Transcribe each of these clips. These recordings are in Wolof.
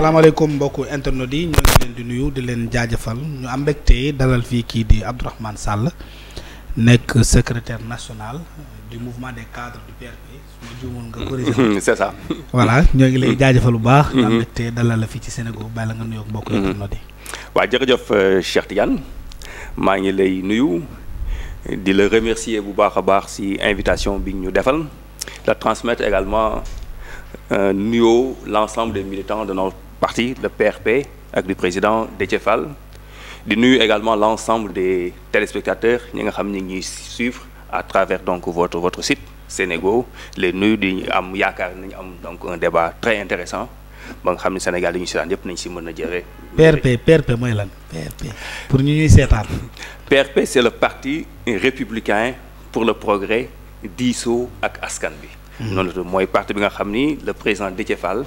salaamaaleykum mbokku internet yi ñoo ngi leen di nuyu di leen jaajëfal ñu am mbégte dalal fii kii di Abdourahmane Sall nekk secrétaire national du mouvement des cadres du PRP su ma juumoon nga corrigé voilà ñoo ngi lay jaajëfal bu baax ñu mm-hmm. la fii ci Sénégal bàyyi la nga nuyoog mbokku mm-hmm. internet yi waaw jërëjëf euh, Cheikh Tidiane maa ngi lay nuyu di la remercier bu baax a baax si invitation bi ñu defal la transmettre également euh, nuyoo l'ensemble des militants de notre parti le PRP ak du président Déthié Fall di nuyu également l'ensemble des téléspectateurs ñi nga xam ni ñuy suivre à travers donc votre votre site Sénégo les nuyu di am yaakaar nañu am donc un débat très intéressant ba nga xam ne Sénégal yi ñu seetaan yëpp nañ si mën a jëlee. PRP PRP mooy lan. PRP pour ñu ñuy seetaan. PRP c'est le parti républicain pour le progrès diisoo ak askan bi. Hmm. noonu la mooy parti bi nga xam ni le président Déthié Fall.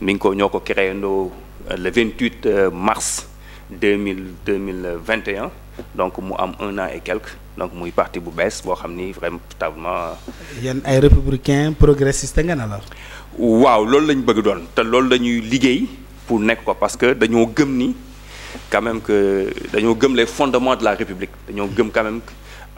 mi ngi ko ñoo ko créé ndoo euh, le 28 euh, mars 2000 2021 donc mu am un an et quelque donc muy parti bu bees boo xam ni véritablement. Euh, yéen ay républicain progressiste ngeen alors. waaw loolu la ñu bëgg doon te loolu la liggéey pour nekk ko parce que dañoo gëm ni quand même que dañoo gëm les fondements de la république dañoo gëm quand même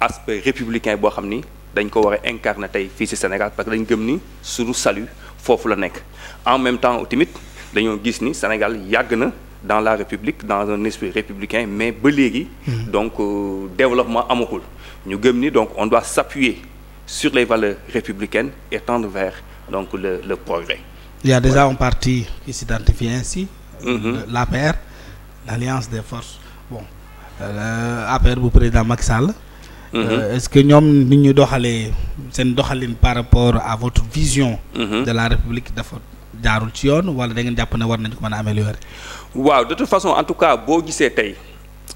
aspect républicain boo xam ni dañ ko war a incarner tey fii ci Sénégal parce que dañ gëm ni suñu salut. foofu la nekk en même temps tamit dañoo gis ni Sénégal yàgg na dans la république dans un esprit républicain mais ba léegi hmm. donc euh, développement amagul ñu gëm ni donc on doit s'appuyer sur les valeurs républicaines et tendre vers donc le le progrès il y a déjà un parti qui s'identifie ainsi mm-hmm. l'APR l'alliance des forces bon euh, l'APR bu président Macky Sall Euh, mhm. est-ce que ñoom nit ñu doxalee seen doxalin par rapport à votre vision. Mhm. de la république dafa jaarul ci yoon wala dangeen ngeen jàpp ne war nañu ko mën a améliorer. waaw de toute façon en tout cas boo gisee tey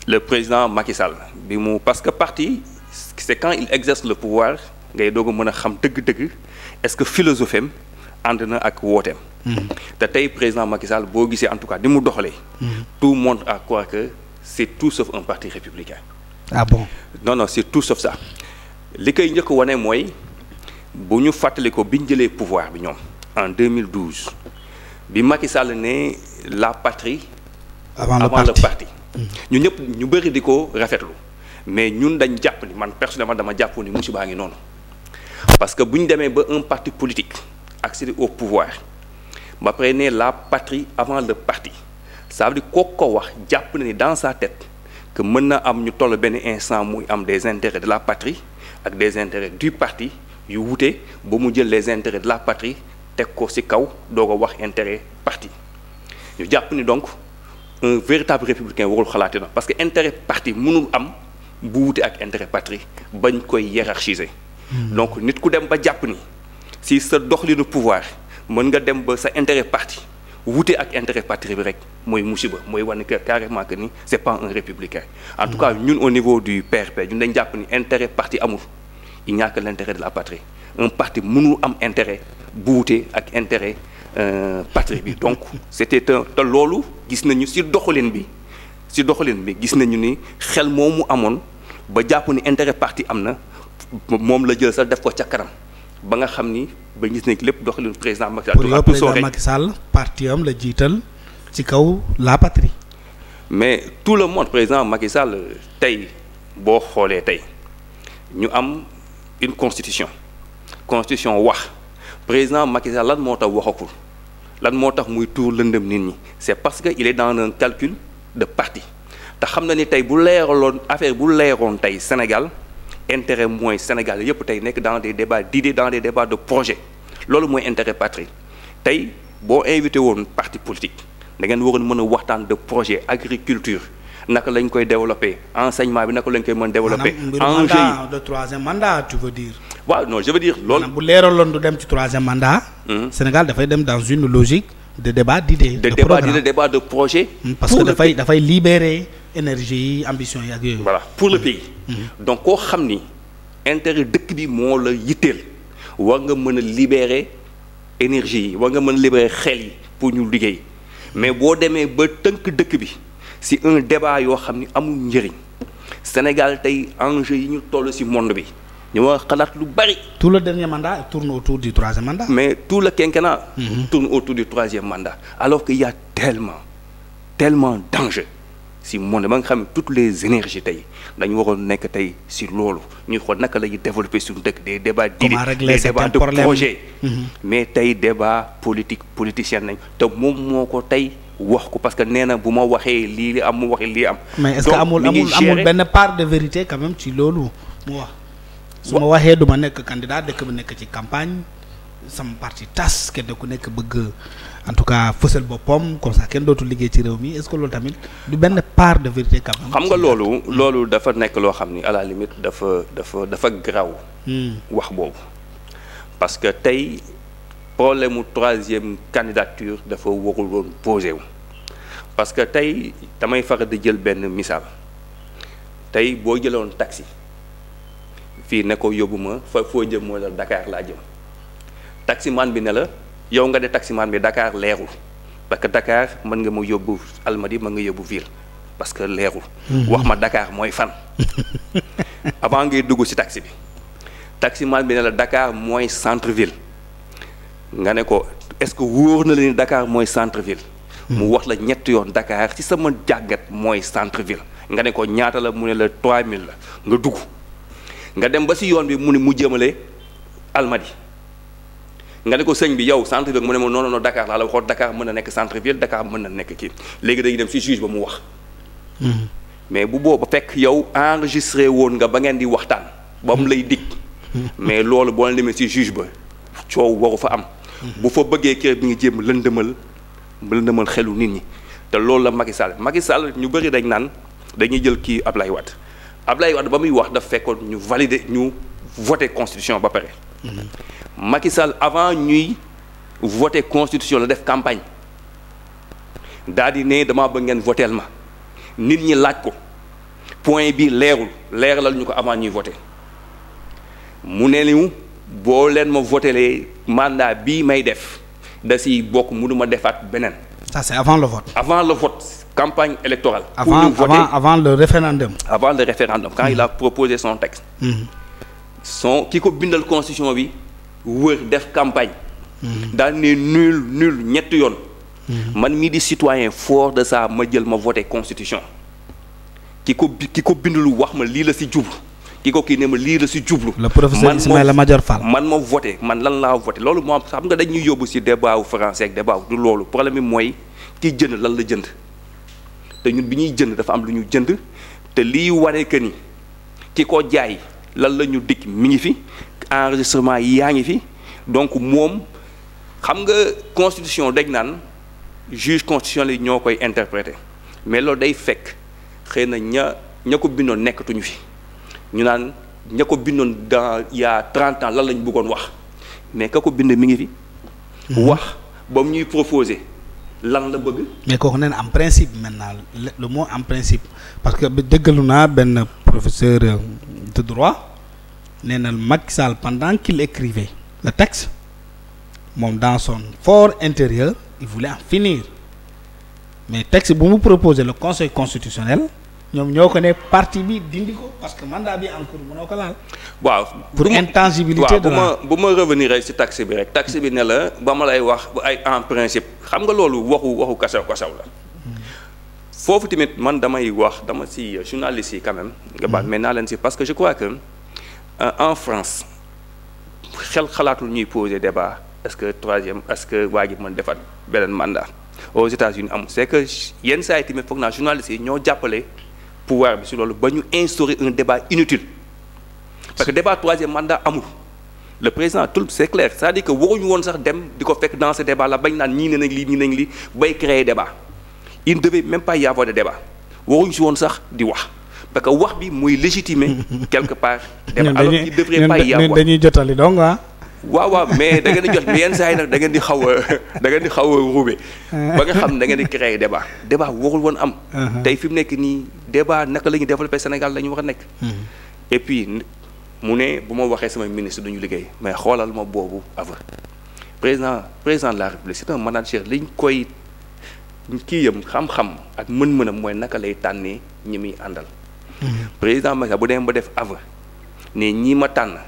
le président Macky Sall bi mu parce que parti c'est quand il exerce le pouvoir ngay doog a mën a xam dëgg-dëgg est-ce que philosophie am ànd na ak wooteem. Mhm. te tey président Macky Sall boo gisee en tout cas di mu doxalee. tout montre à croire que c'est tout s un parti républicain. ah bon non non c'est sauf ça li koy njëkk wane mooy bu ñu fàttali ko bi ñu jëlee pouvoir bi ñoom en 2012 bi Macky Sall ne la patrie. avant le avant parti ñu ñëpp ñu bëri di ko rafetlu mais ñun dañ jàpp ni man personnellement dama jàpp ni baa ngi noonu parce que bu ñu demee ba un parti politique accéder au pouvoir ba pare ne la patrie avant le parti ça veut dire ko wax jàpp na ni dans sa que mën na am ñu toll benn instant muy am des intérêts de la patrie ak des intérêts du parti yu wute ba mu jël les intérêts de la patrie teg ko ci kaw doo ko wax intérêt parti ñu jàpp ni donc un véritable républicain warul xalaate na parce que intérêt parti mënul am bu wute ak intérêt patrie bañ koy hiérarchiser hmm. donc nit ku dem ba jàpp ni si sa doxalinu pouvoir mën nga dem ba sa intérêt parti wute ak intérêt patrie bi rek mooy musiba mooy wane que carrément que ni c'est pas un républicain en tout cas ñun au niveau du PRP ñun dañ jàpp ni intérêt parti amul il n'y a que l'intérêt de la patrie un parti mënul am intérêt bu wute ak intérêt euh, patrie bi donc c'était te loolu gis nañu si doxalin bi si doxalin bi gis nañu ni xel mu amoon ba jàpp ni intérêt parti am na moom la jël sax def ko ca kanam ba nga xam ni ba gis nañ lépp doxalin président Macky Sall. pour le président Macky Sall parti am la jiital ci kaw la patrie. mais tout le monde président Macky Sall tey boo xoolee tey ñu am une constitution constitution wax président Macky lan moo tax waxakul lan moo tax muy tuur lëndëm nit ñi c'est parce que il est dans un calcul de parti te xam na ni tey bu leeraloon affaire bu leeroon tey Sénégal. intérêt mooy Sénégal yëpp tey nekk dans des débats d'idées dans des débats de projet loolu mooy intérêt patrie tey boo invité woon parti politique da ngeen waroon mën a waxtaan de projet agriculture naka lañ koy développer enseignement bi naka lañ koy mën développer enjeu yi de troisième mandat tu veux dire waaw non je veux dire loolu bu leeraloon du dem ci troisième mandat hmm. Sénégal dafay dem dans une logique de débat d'idées de débat d'idées de projet hmm, parce que dafay dafay libérer énergie yi ambition yi ak yooyu. voilà pour le mm-hmm. pays. Mm-hmm. donc koo xam ni intérêt dëkk bi moo la yitteel war nga mën a libérer énergie yi war nga mën a libérer xel yi pour ñu liggéey mais boo demee ba tënk dëkk bi si un débat yoo xam ni amul njëriñ Sénégal tey enjeu yi ñu toll si monde bi. ñu war xalaat lu bari. tout le dernier mandat tourne autour du troisième mandat. mais tout le quinquennat. Mm-hmm. tourne autour du troisième mandat alors qu'il y a tellement tellement si monde ba nga xam toutes les énergies tey dañu waroon nekk tey si loolu ñu xool naka la ñuy développer suñu dëkk des débats d'idées des débats de projet mhm. mais tey débat politique politicien nañ te moom moo ko tey wax ko parce que nee na bu ma waxee lii am mu waxee lii am mais est-ce que amul amul amul benn part de vérité quand même ci loolu mu wax su ma waxee du ma nekk candidat dëkk bi nekk ci campagne sama parti tas kenn ku nekk bëgg en tout cas fësal boppam comme sax kenn dootul liggéey ci réew mi est-ce que loolu tamit du benn part de vérité quand xam nga loolu loolu dafa nekk loo xam ni à la limite dafa dafa dafa graw hmm. wax boobu parce que tey problème mu troisième candidature dafa warul woon posé wu parce que tey damay faral di jël benn misaal tey boo jëloon taxi fii ne ko yóbbu ma fa foo jëm mooy la Dakar laa jëm taximan bi ne la yow nga de taximaan bi dakaar leerul parce que dakaar mën nga ma yóbbu Almadi mën nga yóbbu ville parce que leerul. Mhm. wax ma dakaar mooy fan. avant ngay dugg ci taxi bi taximaan bi ne la dakaar mooy centre ville nga ne ko est-ce que wóor na la ni mooy centre ville. Mhm. mu wax la ñetti yoon dakaar ci sama jàggat mooy centre ville nga ne ko ñaata la mu ne la 3000 la nga dugg nga dem ba ci yoon bi mu ne mu jëmale Almadi. nga ne ko sëñ bi yow centre ville mu ne ma non non dakaar laa la waxoon Dakar mën na nekk centre ville Dakar mën na nekk kii léegi dañuy dem si juge ba mu wax. Hmm. mais bu booba fekk yow enregistré woon nga ba ngeen di waxtaan. ba mu hmm. lay dikk. Hmm. mais loolu boo leen demee si juge ba coow waru fa am. bu fa bëggee kër bi nga jéem lëndëmal lëndëmal xelu nit ñi te loolu la Macky Sall Macky Sall ñu bëri dañ naan dañuy jël kii Ablaye Wade Ablaye Wade ba muy wax daf fekkoon ñu valider ñu. voté constitution ba pare. Macky Sall avant ñuy voté constitution la def campagne daal di ne damaa bëgg ngeen voteel ma nit ñi laaj ko point bi leerul leeralal ñu ko avant ñuy voté mu ne ñu boo leen ma votelee mandat bii may def da si bokk mu ma defaat beneen. ça c'est avant le vote. avant le vote campagne électorale. avant pour ñu voter avant, avant le référendum. avant le référendum quand il a mm. proposé son texte. Mmh. son ki ko bindal constitution bi wër def campagne. Mhm. daal ne nul nul ñetti yoon. Mhm. man mii di citoyen fort de ça ma jël ma voté constitution. ki ko ki ko bindulu wax ma lii la si jublu ki ko ki ne ma lii la si jublu. le professeur Ismaïla Madior Fall man ma voté man lan laa voté loolu moom am nga dañuy yóbbu si débat wu français ak du loolu problème bi mooy ki jënd lan la jënd te ñun bi ñuy jënd dafa am lu ñu jënd te lii waree que ni ki ko jaay. lan la ñu dig mi ngi fi enregistrement yi yaa ngi fi donc moom xam nga constitution dégg naan juge constitutionnel ñoo koy interpréter mais loolu day fekk xëy na ña ña ko bindoon nekkatuñu fi ñu naan ña ko bindoon dans yaa y a trente ans lan la ñu bëggoon wax mais ka ko bind mi ngi fi. Mhm. wax ba mu ñuy proposer lan la bëgg. mais kooku nee na en principe maintenant le mot en principe parce que dëggalu naa benn professeur. te droit nee na Macky Sall pendant qu'il écrivait la texte moom dans son fort intérieur il voulait en finir mais texte bu mu proposer la conseil constitutionnel ñoom ñoo ko ne parti bi dindi ko parce que mandat bi en cours mënoo ko laal. waaw pour intangibilité de la bu ma revenir ci tax bi rek. taxe bi ne la ba ma lay wax ay en principe xam nga loolu waxu waxu kasaw kasaw la. foofu tamit man damay wax dama si euh, journaliste yi quand même. nga baal mm-hmm. mais naa leen si parce que je crois que euh, en France xel xalaatul ñuy poser débat est-ce que troisième est-ce que waa ji mën defaat beneen mandat aux États-Unis amul c'est que yenn saa yi tamit foog naa journaliste yi ñoo jàppale pouvoir bi si loolu ba ñu instaurer un débat inutile. parce que débat troisième mandat amul le président tout c'est clair cest à que waruñu woon sax dem di ko fekk dans ce débat la bañ naan ñii ne nañ nañ lii bay créer débat. il ne devait même pas y avoir de débat waruñu si woon sax di wax parce que wax bi mooy légitimer quelque part. débat alors il devrait pas y avoir dañuy jotali donc ah. waaw waaw mais da ngeen di jot mais yenn saa yi nag da ngeen di xaw da ngeen di xaw ruube ba nga xam da ngeen di créer débat débat warul woon am. Uh-huh. tey fi mu nekk nii débat naka la ñuy développer Sénégal la ñu war a nekk. Uh-huh. et puis mu ne bu ma waxee sama ministre duñu liggéey mais xoolal ma boobu avant président président de la République c'est koy. kii yam xam-xam ak mën-mënam mooy naka lay tànnee ñi muy àndal. président Macky bu demee ba def aveu ne ñii ma tànn.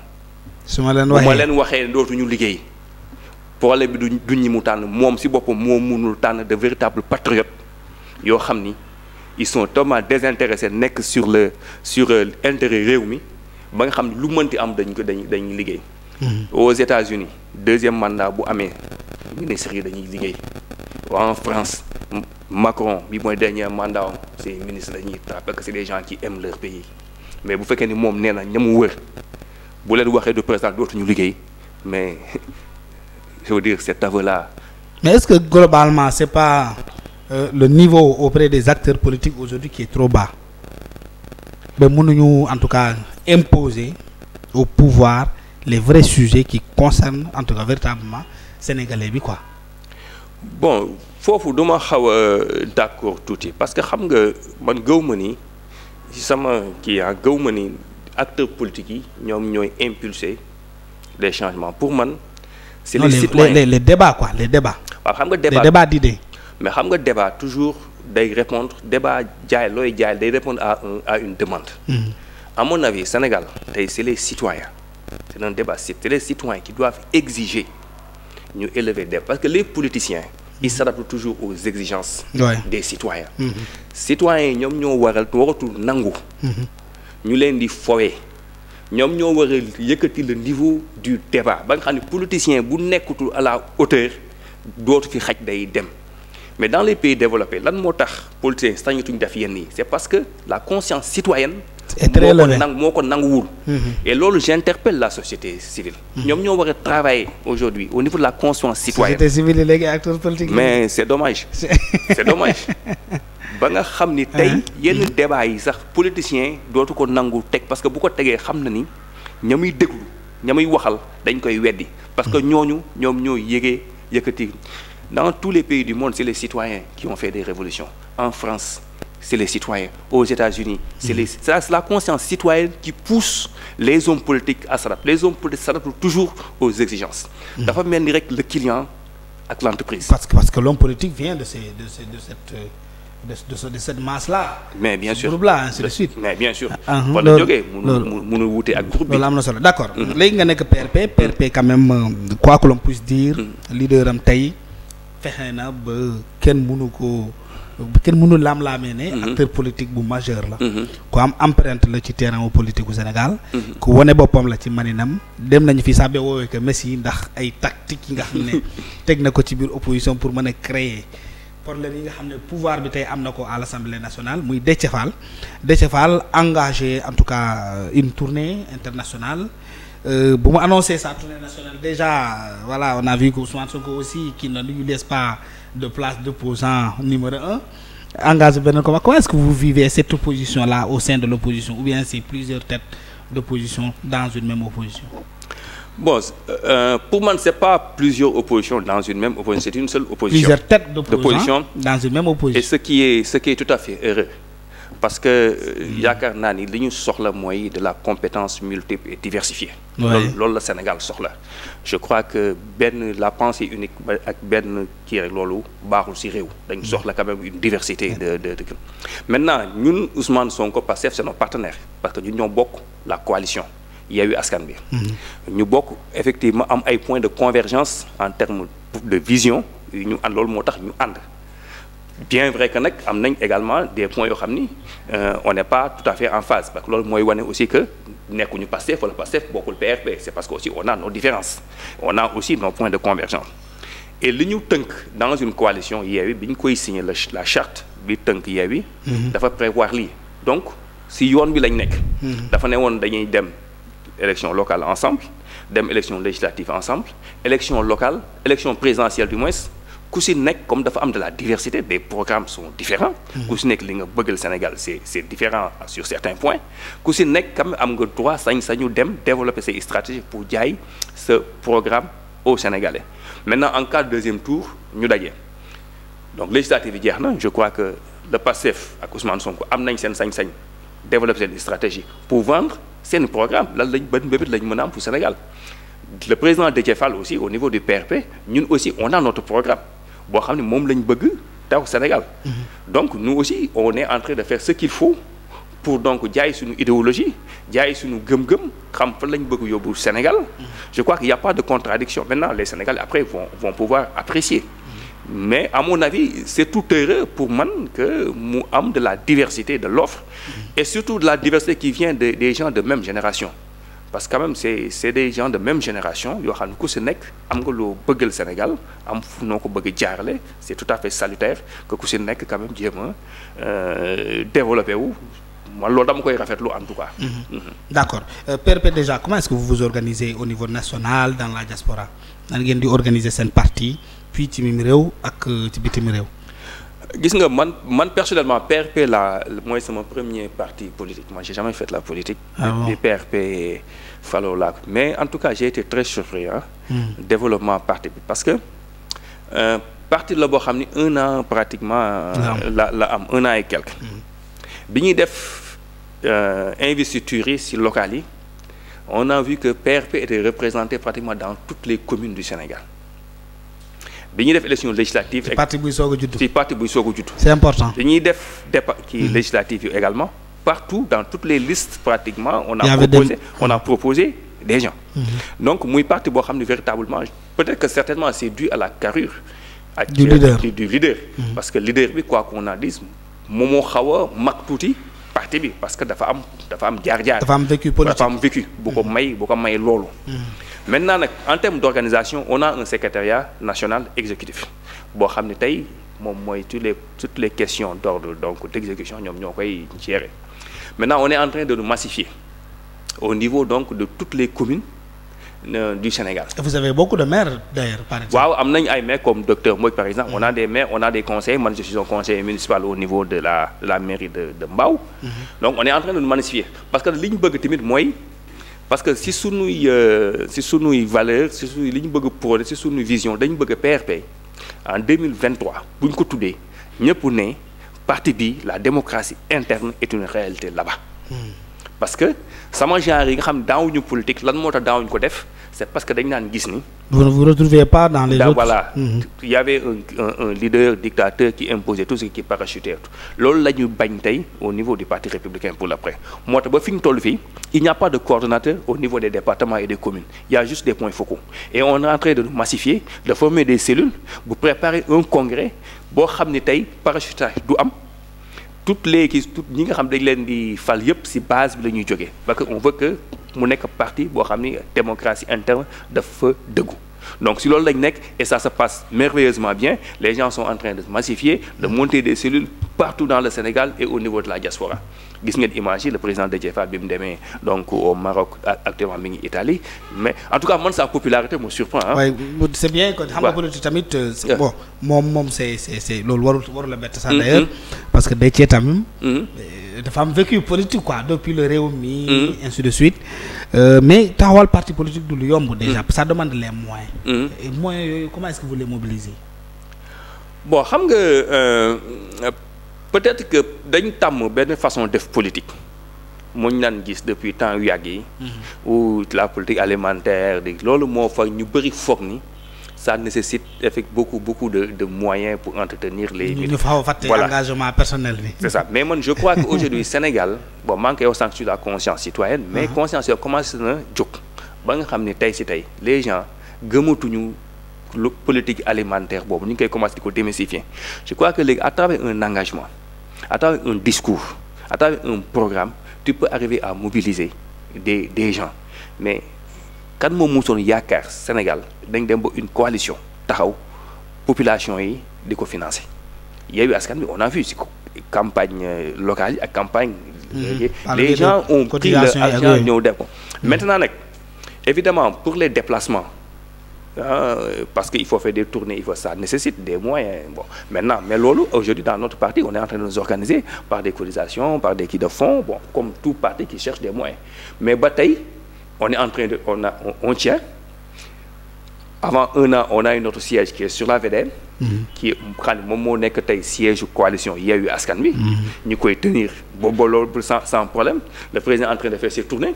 su ma leen waxee leen waxee dootuñu liggéey problème bi du du mu tànn moom si boppam moo mënul tànn de véritables patriotes yoo xam ni ils sont totalement désintéressés nekk sur le sur l'intérêt euh, réew mi ba nga xam ne lu mënti am dañ ko dañ dañuy liggéey. Mm-hmm. aux États-Unis deuxième mandat bu amee ministres yi dañuy liggéey. en France Macron bi mooy dernier mandat ces ministres la ñuy taal parce que c'est des gens qui aiment leur pays mais bu fekkee ni moom nee na wër bu leen waxee du président dootuñu liggéey mais je veux dire cet aveu là. mais est-ce que globalement c'est pas euh, le niveau auprès des acteurs politiques aujourd'hui qui est trop bas ba mënuñu en tout cas imposer au pouvoir les vrais sujets qui concernent en tout cas véritablement sénégalais bi quoi. bon foofu du ma xaw a euh, d'accord tuuti parce que xam nga man gëw ma ni sama kii ah gëw ma ni acteurs politiques yi ñoom ñooy impulser les changement pour man. c'est les citoyens les les débats quoi les waaw xam nga débat les débats mais xam nga débat toujours day répondre débat jaay looy jaay day répondre à un à une demande. Mm-hmm. à mon avis Sénégal tey c'est les citoyens c'est un débat c'est les citoyens qui doivent exiger. ñu élever des parce que les politiciens ils s'adaptent toujours aux exigences ouais. des citoyens mm -hmm. citoyens yi ñoom ñoo waral waratu nangu mm-hmm. ñu leen di fowee ñoom ñoo war yëkkati le niveau du débat ba nga xam ne politicien bu nekkatul à la hauteur dootu fi xaj day dem mais dans les pays développés lan moo tax politiciens sañatuñ def yenn yi c'est parce que la conscience citoyenne c'est très levé moo ko nangu moo ko nanguwul. Mm-hmm. et loolu j'interpelle la société civile. Mm-hmm. ñoom ñoo war a travailler aujourd'hui au niveau de la conscience citoyenne. société civile yi léegi acteurs politiques mais c'est dommage. c'est xam ni ah. yenn mm-hmm. débat yi sax politicien dootu ko nangu teg parce que bu ko tegee xam na ni ña muy déglu ña muy waxal dañ koy weddi. parce que ñooñu ñoom ñoo yëgee yëkkati dans tous les pays du monde c'est les citoyens qui ont fait des révolution en France. c'est les citoyens. Aux États-Unis, c'est la, la conscience citoyenne qui pousse les hommes politiques à s'adapter. Les hommes politiques s'adaptent toujours aux exigences. dafa mel ni rek le client ak l'entreprise. parce que parce que l'homme politique vient de ces de ces de cette. de de là. mais bien sûr groupe là ainsi de suite. mais bien sûr. Ah, ah, solo d' mhm. léegi nga nekk PRP. PRP mhm. quand même euh, quoi que l'on puisse dire. Mhm. leader am tey fexe na ba kenn mënu ko. kenn mënul laam-laamee ne. Mhm. acteur politique bu majeur la. Mhm. ku am empreinte la ci terrain politique gu Sénégal. Mhm. ku wane boppam la ci maninam dem nañu fi sax woowee que Messi ndax ay tactique yi nga xam ne teg na ko ci biir opposition pour mën a créer problème yi nga xam ne pouvoir bi tey am na ko à l'Assemblée nationale muy Déthié Fall Déthié en tout cas euh, une tournée internationale. Euh, bu mu annoncé sa tournée nationale déjà euh, voilà on a vu que Ousmane de place d'opposant numéro un engage benn ko comment est-ce que vous vivez cette opposition là au sein de l'opposition ou bien c'est plusieurs têtes d'opposition dans une même opposition bon euh, pour man c'est pas plusieurs oppositions dans une même opposition c'est une seule opposition plusieurs têtes d'opposition dans une même opposition et ce qui est tout à fait heureux parce que euh, yaakaar naa ni li ñu soxla mooy de la compétence multiple et diversifiée. loolu loolu la Sénégal soxla. je crois que benn la pensée unique ak benn kii loolu baaxul si réew. dañu soxla quand même une diversité de de maintenant ñun Ousmane Sonko Pastef c'est nos partenaires parce que ñun ñoo bokk la coalition. Yewwi Askan Wi. Mm-hmm. ñu bokk effectivement am ay point de convergence en termes de vision ñu ànd loolu moo tax ñu ànd. bien vrai que nag am nañ également des points yoo xam ni euh, on n'est pas tout à fait en phase parce que loolu mooy wane aussi que nekkuñu Pastef wala Pastef bokkul PRP c'est parce que aussi on a nos différences on a aussi nos points de convergence et li ñu tënk dans une coalition Yewwi bi ñu koy signer la charte bi tënk Yewwi mhm. dafa prévoir lii donc si yoon bi lañ nekk mhm. dafa ne dañuy dem élection locale ensemble dem élection législative ensemble élection locale élection présidentielle du moins ku si nekk comme dafa am de la diversité des programmes sont différents hmm. ku si nekk li nga bëggal Sénégal c'est différent sur certains points ku si nekk quand même am nga droit sañ-sañu dem développe ses stratégies pour jaay ce programme aux Sénégalais maintenant en cas de deuxième tour ñu daje donc législative yi jeex na je crois que le PASTEF ak Ousmane Sonko am nañ seen sañ-sañ développer seen pour vendre seen programme lan lañ ban mbébét lañ mën a am pour Sénégal le président Déthié Fall aussi au niveau du PRP ñun aussi on a notre programme boo xam ne moom lañ bëgg taw Sénégal mm-hmm. donc nous aussi on est en train de faire ce qu'il faut pour donc jaay suñu idéologie jaay suñu gëm-gëm xam fan lañ bëgg yóbbu Sénégal mm-hmm. je crois qu'il n'y a pas de contradiction maintenant les Sénégalais après vont vont pouvoir apprécier mm-hmm. mais à mon avis c'est tout heureux pour man que mu am de la diversité de l'offre et surtout de la diversité qui vient de, des gens de même génération parce que quand même c'est c'est des gens de même génération yoo xam ne ku si nekk am nga loo bëggal Sénégal am fu noo ko bëgg a jaarale c'est tout à fait salutaire que ku si nekk quand même jéem a euh, développé wu man dama koy rafetlu en tout cas. Mm -hmm. Mm -hmm. d'accord euh, Père Père déjà comment est que vous vous organisez au niveau national dans la diaspora nan ngeen di organiser seen partie fii ci mim réew ak euh, ci bitim réew. gis nga man man personnellement PRP la mooy sama premier parti politique moi j'ai jamais fait la politique ah bon? PRP faloo laa mais en tout cas j'ai été très surpris hmm. développement parti parce que euh, parti la boo xam ni un pratiquement la la am un an et quelque hmm. bi ñuy def euh, investiture si locales yi on a vu que PRP était représenté pratiquement dans toutes les communes du Sénégal bi ñuy def élection législative. ci parti buy soog a judd. ci parti buy soog a judd. c'est important bi ñuy def dépa hmm. législative yu également partout dans toutes les listes pratiquement. on a proposé hmm. on a proposé des gens. Hmm. donc muy parti boo xam ne véritablement peut-être que certainement c'est dû à la carrure. du leader parce que leader bi quoi qu'on en dise tuuti parti bi parce que dafa am dafa am jaar-jaar. dafa am vécu politique dafa am vécu bu ko may bu ko may loolu. maintenant nag en termes d'organisation on a un secrétariat national exécutif boo xam ne tey moom mooy tous les toutes les questions d'ordre donc d'exécution ñoom ñoo koy gérer maintenant on est en train de nous massifier au niveau donc de toutes les communes euh, du Sénégal. Et vous avez beaucoup de maires d'ailleurs par exemple. waaw am nañu ay maires comme docteur Mbodj par exemple. Mm-hmm. on a des maires on a des conseils man je municipal au niveau de la mairie de de mm-hmm. donc on est en train de nous massifier parce que li ñu bëgg tamit mooy. parce que si sunuy euh, si sunuy valeur si sunuy li ñu bëgg a prôné si sunuy vision dañu bëgg a PRP en 2023 bu ñu ko tuddee ñëpp ne parti bi la démocratie interne est une réalité là hmm. parce que sama genre yi nga xam daawuñu politique lan moo tax daawuñ ko def c'est parce que dañ naan gis ni. vous ne vous retrouvez pas dans les. Dans, autres voilà mm il y avait un, leader dictateur qui imposait tout ce qui parachutait loolu la ñu bañ tey au niveau du parti républicain pour l'après moo tax ba fi ñu toll fii il n'y a pas de coordonnateur au niveau des départements et des communes il y a juste des points focaux et on est en train de nous massifier de former des cellules bu préparer un congrès boo xam ni tey parachutage du am. tout léegi tout ñi nga xam dañ leen di fal yëpp ci base bi la ñuy jógee parce que on veut que mu nekk parti boo xam ni démocratie interne dafa dëggu donc si loolu lañ nekk et ça se passe merveilleusement bien les gens sont en train de massifier de monter des cellules partout dans le Sénégal et au niveau de la diaspora gis ngeen image yi le président Déthié Fall bi mu donc au Maroc actuellement mi Italie mais en tout cas man sa popularité me surprend c'est bien que xam nga politique tamit. Euh, bon moom moom c'est c'est c'est loolu warul warul la bett sax mm-hmm. d'ailleurs parce que Déthié tamit. Mm-hmm. dafa am vécu politique quoi depuis le réew mi mm. ainsi de suite euh, mais taxawal parti politique du lu yomb déjà sa mm. demande les moyens mm. et moyens yooyu comment est-ce que bon xam nga euh, peut-être que dañ tàmm benn façon def politique mu ñu daan gis depuis temps yu yàgg yi mm-hmm. ou la politique alimentaire di loolu moo fa ñu bëri foog ni ça nécessite effectivement beaucoup beaucoup de de moyens pour entretenir les. ñu personnel c'est ça mais man je crois que aujourd'hui Sénégal bon maa ngi koy wax sànq sur la conscience citoyenne. mais uh-huh. conscience yooyu commencé na jóg ba nga xam ne tey si tey les gens gëmatuñu lu politique alimentaire boobu ñu ngi koy commencé di ko démystifier je crois que léegi à travers un engagement à travers un discours à travers un programme tu peux arriver à mobiliser des des mais. kan moom mosoon yaakaar Sénégal dañ dem ba une coalition taxaw population yi di ko financé Yewwi Askan Wi on a vu si campagne euh, locale yi ak campagne. Mmh, les gens ont pris leur argent ñëw def ko. Hmm. maintenant nag évidemment pour les déplacements. ah parce que il faut faire des tournées il faut ça nécessite des moyens bon maintenant mais loolu aujourd'hui dans notre parti on est en de nous organiser par des cotisations par des qui de fonds comme tout parti ba tey on est en train de on a on, on tient avant un an on a eu notre siège qui est sur la VDN. Mhm. qui xam ne moom moo nekk tey siège coalition Yewwi Askan bi mhm. ñu koy tenir ba ba loolu sans sans problème le président est en train de faire ses tournées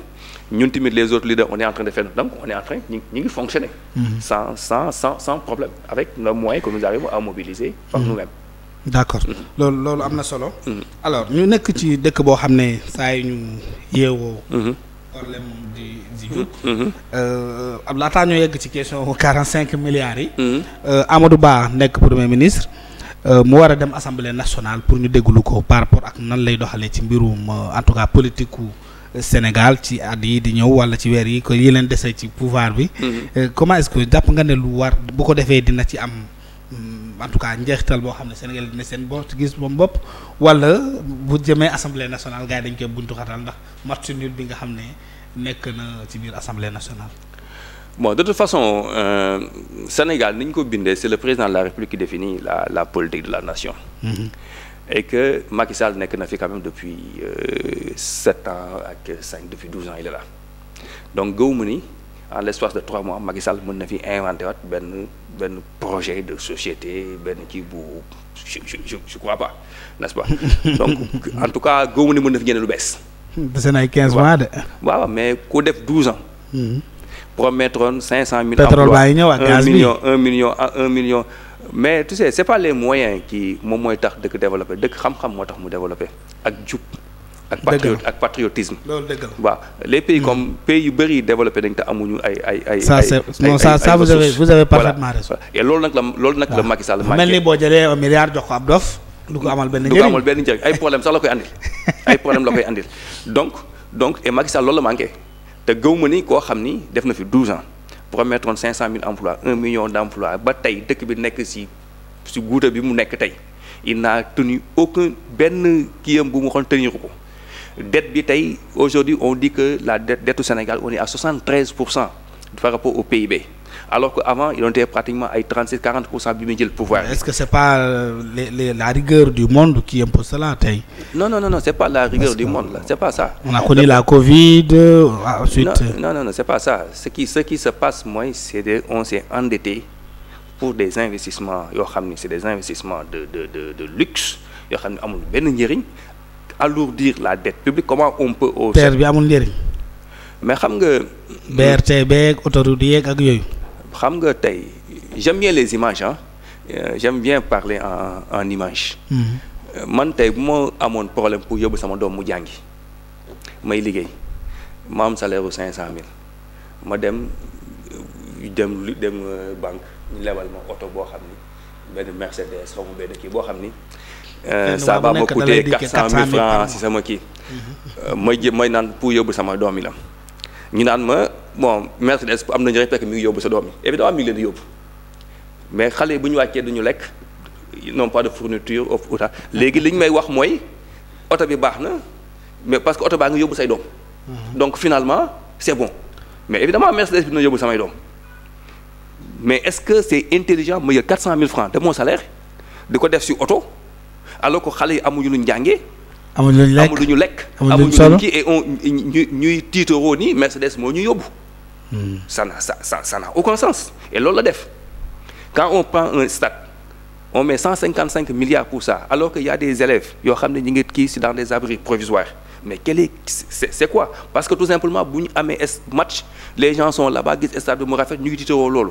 ñun tamit les autres leaders on est en train de faire notre donc on est en train ñu ñu ngi fonctionner. Mhm. sans sans sans sans problème avec nos moyens que nous arrivons à mobiliser. par nous-mêmes. d'accord loolu loolu am na solo. alors ñu nekk ci dëkk boo xam ne saa yu ñu yeewoo. problème di di mhm. jur. Mhm. Euh, ab laataa ñu yegg ci question quarante cinq milliards yi. Mhm. Euh, Amadou Ba nekk premier ministre. Euh, mu war a dem assemblée nationale pour ñu déglu ko par rapport ak nan lay doxalee ci mbirum en tout cas politique Sénégal ci at yi di ñëw wala ci weer yi ko yi leen dese ci pouvoir bi. comment est-ce que jàpp nga ne lu war bu ko defee dina ci am. Hmm, en tout cas njeexital boo xam ne Sénégal dina seen boo gis moom bopp wala bu jëmee assemblée nationale gars yi dañ koy buntu xatal ndax match nul bi nga xam ne nekk na ci biir assemblée nationale. bon de toute façon euh, Sénégal ni ñu ko bindee c'est le président de la République qui définit la la politique de la nation. Mm -hmm. et que Macky Sall nekk na fi quand même depuis euh, sept euh, ans ak cinq depuis douze ans il est là donc gëwuma en l'espace de trois mois Macky Sall mën na fi inventé waat benn benn projet de société benn kii bu je je je crois pas n'est-ce pas donc en tout cas góobu ne mën na fi génne lu bees. dese na ay quinze mois de. waaw mais ku def douze ans. Hmm. promettroon cinq cent mil emplois pétrole baa ngi ñëwaat gaz bi un million un million ah, un million. mais tu sais c'est pas les moyens qui moom mooy tax dëkk développé dëkk xam-xam moo tax mu développé ak jub. ak patriote ak patriotisme. loolu dëgg la waaw les pays hmm. comme pays yu bëri développé nañ te amuñu ay ay ay. ça c' est non ça ça vous avez vous avez parfaitement raison. loolu nag la loolu la Macky Sall. manqué mel ni boo jëlee un milliard jox ko ab dof. du ko amal benn njëriñ du benn njëriñ ay problème sax la koy andil ay problème la koy andil donc donc et Macky Sall loolu la manqué te gëw ma ni koo xam ni def na fi 12 ans mille 500000 emplois 1 million d' emplois ba tey dëkk bi nekk si si guuta bi mu nekk tey il n' a tenu benn kiyam bu mu xoon tenir ko. dette bi tey aujourd'hui la dette dette au Sénégal on est à 73 pour cent par rapport au PIB alors que avant il était pratiquement ay 36 40 pour cent bi muy jël pouvoir. Euh, la rigueur du monde qui impose cela tey. non non non non de euh, on s'est endetté pour yoo xam ne c'est des investissements de de de de luxe yoo xam ne amul benn njëriñ. alourdir la dette publique comment on peut au terre bi amul njëriñ mais xam nga BRT beeg autoroute yeeg ak yooyu xam nga tey j'aime les images ah j'aime bien parler en en image mhm. man tey bu ma amoon problème pour yóbbu sama doom mu jàngi may liggéey ma am salaire cinq cent mille ma dem euh, dem dem euh, banque ñu lebal ma oto boo xam ni benn Mercedes xaw ma benn kii boo xam ni Euh, ça va me coûter quatre cent mille francs si sama kii may jë may naan pour yóbbu sama doom yi la ñu naan ma bon Mercedes am nañu respect mi ngi yóbbu sa doom yi évidemment mi ngi leen di yóbbu mais xale yi bu ñu wàccee duñu lekk non pas de fourniture ou léegi li ñu may wax mooy oto bi baax na mais parce que oto baa ngi yóbbu say doom mhm. donc finalement c'est bon mais évidemment Mercedes bi dina yóbbu samay doom mais est-ce que c'est intelligent ma yëg cent mille francs de mon di ko def si oto alors que xale yi amuñu luñ jàngee. amuñu luñ lekk amuñu luñu lekk. amuñu luñ kii et on ñuy ñuy tiitaroo ni Mercedes moo ñu yóbbu. Hmm. ça n'a ça saa ça n'a aucun sens et loolu la def quand on prend un stade. on met cent cinquante cinq milliards pour ça alors que y des élèves yoo xam ne ñu ngi kii si dans des abris provisoires mais quel est c'est c'est quoi parce que tout simplement bu ñu amee match les gens sont là gis stade bi mu rafet ñu ngi tiitewoo loolu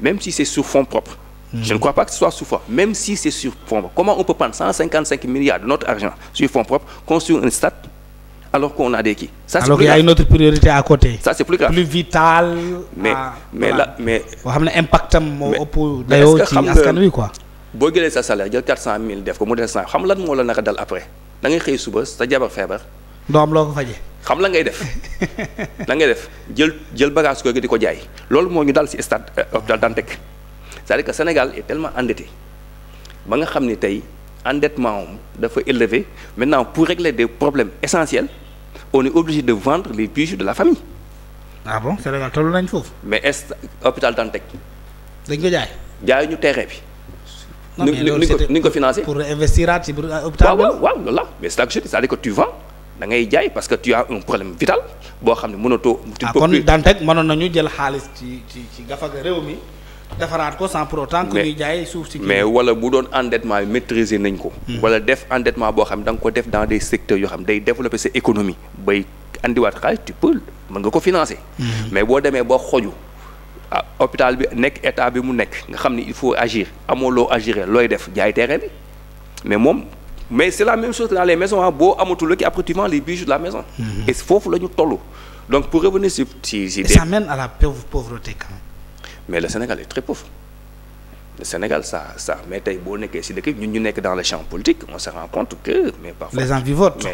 même si c'est sur fonds propres. Mmh. Je ne crois pas que ce soit sous fonds, même si c'est sur fonds propres. Comment on peut milliards de notre argent sur fonds propres, construire un stade alors qu'on a des qui ça, Alors il y a grave. priorité à côté. plus vital. Mais à, mais voilà. xam ne impact am moo ëpp. dayoo ci askan wi quoi. boo jëlee sa salaire jël 400000 def ko mu des 100 xam lan moo la naka dal après da ngay xëy suba sa jabar feebar. doo am loo ko fajee. xam la ngay def la ngay def jël jël bagage googu di ko jaay loolu moo ñu dal ci stade euh, hôpital Dantec c'est-à-dire que Sénégal est tellement endetté ba nga xam ni tey endettement am dafa élevé maintenant pour régler des problème essentiels on est obligé de vendre les bijoux de la famille. ah bon Sénégal toll nañ foofu. mais est hôpital Dantec. dañ ko jaay. jaay ñu terrain bi. non mais loolu ni ko ni ko financé. pour investir ci euh, hôpital waaw loolu la mais cest da ngay jaay parce que tu as un problème vital boo xam ne mënatoo. ah kon Dantec mënoon nañu jël xaalis ci ci réew mi. defaraat ko sans pour autant que ñuy suuf si. mais wala bu doon endettement yi maitriser nañ ko. Hmm. wala def endettement boo xam da nga ko def dans des secteurs yoo xam day développer sa économie. bay andiwaat xaalis tu peux mën nga ko financer. Hmm. mais boo demee boo xoju ah hôpital bi nekk état bi mu nekk nga xam ne il faut agir amoo loo agiré looy def jaay terrain bi mais moom. mais c'est la même chose que dans les maisons ah boo amatul léegi après de la maison. Mhm. et foofu la ñu toll. donc pour revenir si si si. ça à la pauvreté quand même. mais le Sénégal est très pauvre le Sénégal ça ça mais tey boo nekkee si dëkk ñun ñu nekk dans le champ politique on se rend compte que mais parfois.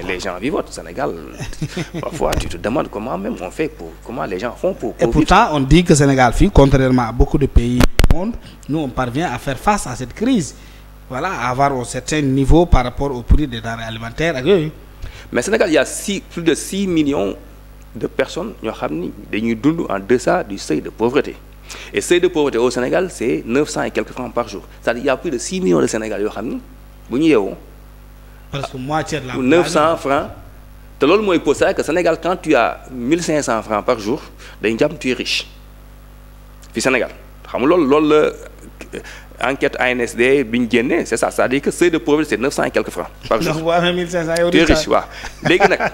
les gens vivotent Sénégal parfois tu te demandes comment même on fait pour comment les gens font pour. pour et pourtant on dit que Sénégal fii contrairement à beaucoup de pays du voilà avoir un certain niveau par rapport au prix des denrées alimentaires mais Sénégal il a six plus de six millions de personnes ñoo xam ni dañuy dund en deçà du seuil de pauvreté et seuil de pauvreté au Sénégal c' est neuf cent et quelques francs par jour cest il y a plus de six millions de Sénégal yoo xam ni bu ñu yeewoo. presque moitié de la. neuf cent te loolu mooy pour ça que Sénégal quand tu as mille cinq cent francs par jour dañ jàmm tu es riche fi Sénégal xam nga loolu loolu la. enquête ANSD bi ñu génnee c' est ça c' est dire que seuil de pauvreté c' est cent quelques francs par jour. donc boo amee léegi nag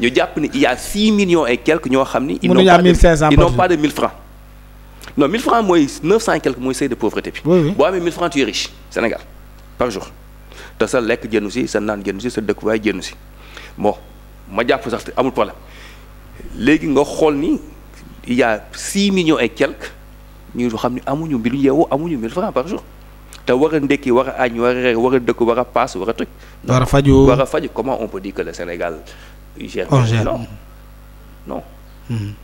ñu jàpp ni il y six millions et quelques ñoo xam ni. mënuñu am mille cinq cent ils pas de francs. non mooy neuf cent et mooy seuil de pauvreté bi. boo amee mille francs tu es Sénégal par jour te sa lekk jëndu si sa naan jëndu si sa dëkkuwaay jëndu si bon ma jàpp sax amul problème léegi nga xool ni il y a six millions et quelques. ñu xam ne amuñu mbiru yeewu amuñu 1000 francs par jour te war a ndekki war a añ war a war a dëkk war a paas war a toj. war a faju war a faju comment on peut dire que le Sénégal gère. Hmm.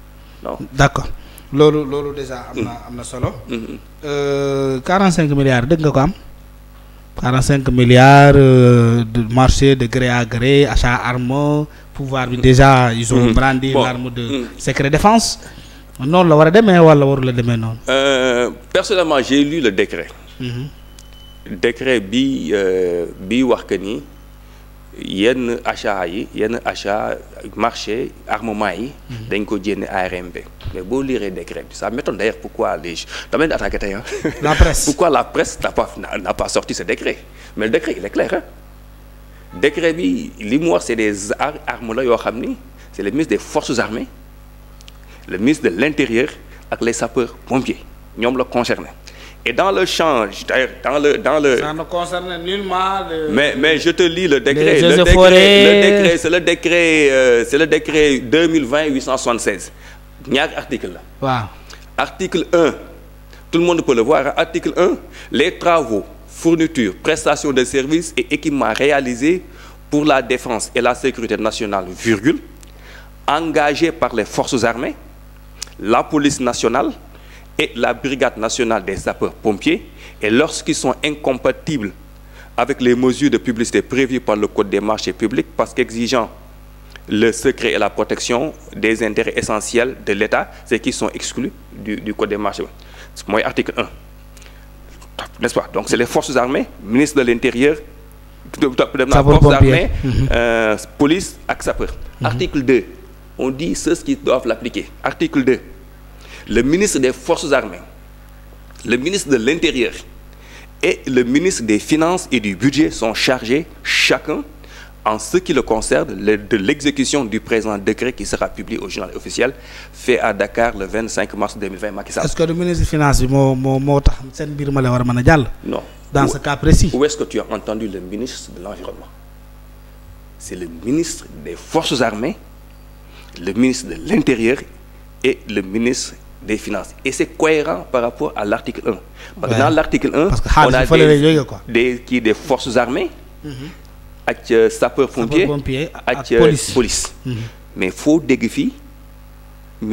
non d'accord loolu loolu déjà. am hmm. na am na solo. 45 hmm, euh, milliards dëgg nga ko am. cinq milliards euh, de marché de gré à gré achat arme pouvoir bi déjà ils ont brandi l'arme de secret défense. noonu la war a demee wala waru la demee noonu. Euh, personnellement j'ai lu le décret. Mhm. décret bi euh, bi wax que ni yenn achat yi yenn achat marché armement yi. Mhm. dañ ko jénne ARMP. mais boo liree décret bi ça m'étonne d'ailleurs pourquoi les dama leen di attaqué tey la presse pourquoi la presse n'a pas n'a pas sorti ce décret mais le décret il est clair décret bi li mu wax c'est des armes la yoo xam ni c'est le ministre des forces armées. le ministre de l'intérieur ak les sapeurs pompiers ñoom la concerné et dans le champ d'ailleurs le dans le. ça ne concerne nullement mais mais je te lis le décret le décret le décret c'est le décret euh, c'est le décret 2020 876 ñaari article la. waaw article 1 tout le monde les travaux fournitures prestations de services et équipements réalisés pour la défense et la sécurité nationale virgule engagés par les forces armées la police nationale et la brigade nationale des sapeurs-pompiers et lorsqu'ils sont incompatibles avec les mesures de publicité prévues par le code des marchés publics parce qu'exigeant le secret et la protection des intérêts essentiels de l'État c'est qu'ils sont exclus du du code des marchés mooy article 1 n'est-ce pas donc c'est les forces armées ministre de l'intérieur forces armées euh, police ak sapeur mhm. article on dit ceux qui doivent l'appliquer. Article 2. Le ministre des Forces armées, le ministre de le ministre des Finances et du Budget sont chargés, chacun, en ce qui le de l'exécution du présent décret qui sera publié au journal officiel fait à Dakar le 25 mars 2020. Macky Sall. Est-ce que le ministre des Finances bi moo moo moo tax seen mbir ma mën a jàll. non dans où, ce cas précis. où est-ce que des Forces armées. le ministre de l'Intérieur et le ministre des Finances. Et c'est cohérent par rapport à l'article Parce que dans l'article 1, a des, des, des forces armées, mm -hmm. ak euh, sapeurs-pompiers, ak euh, police. police. Mm-hmm. Mais il faut déguer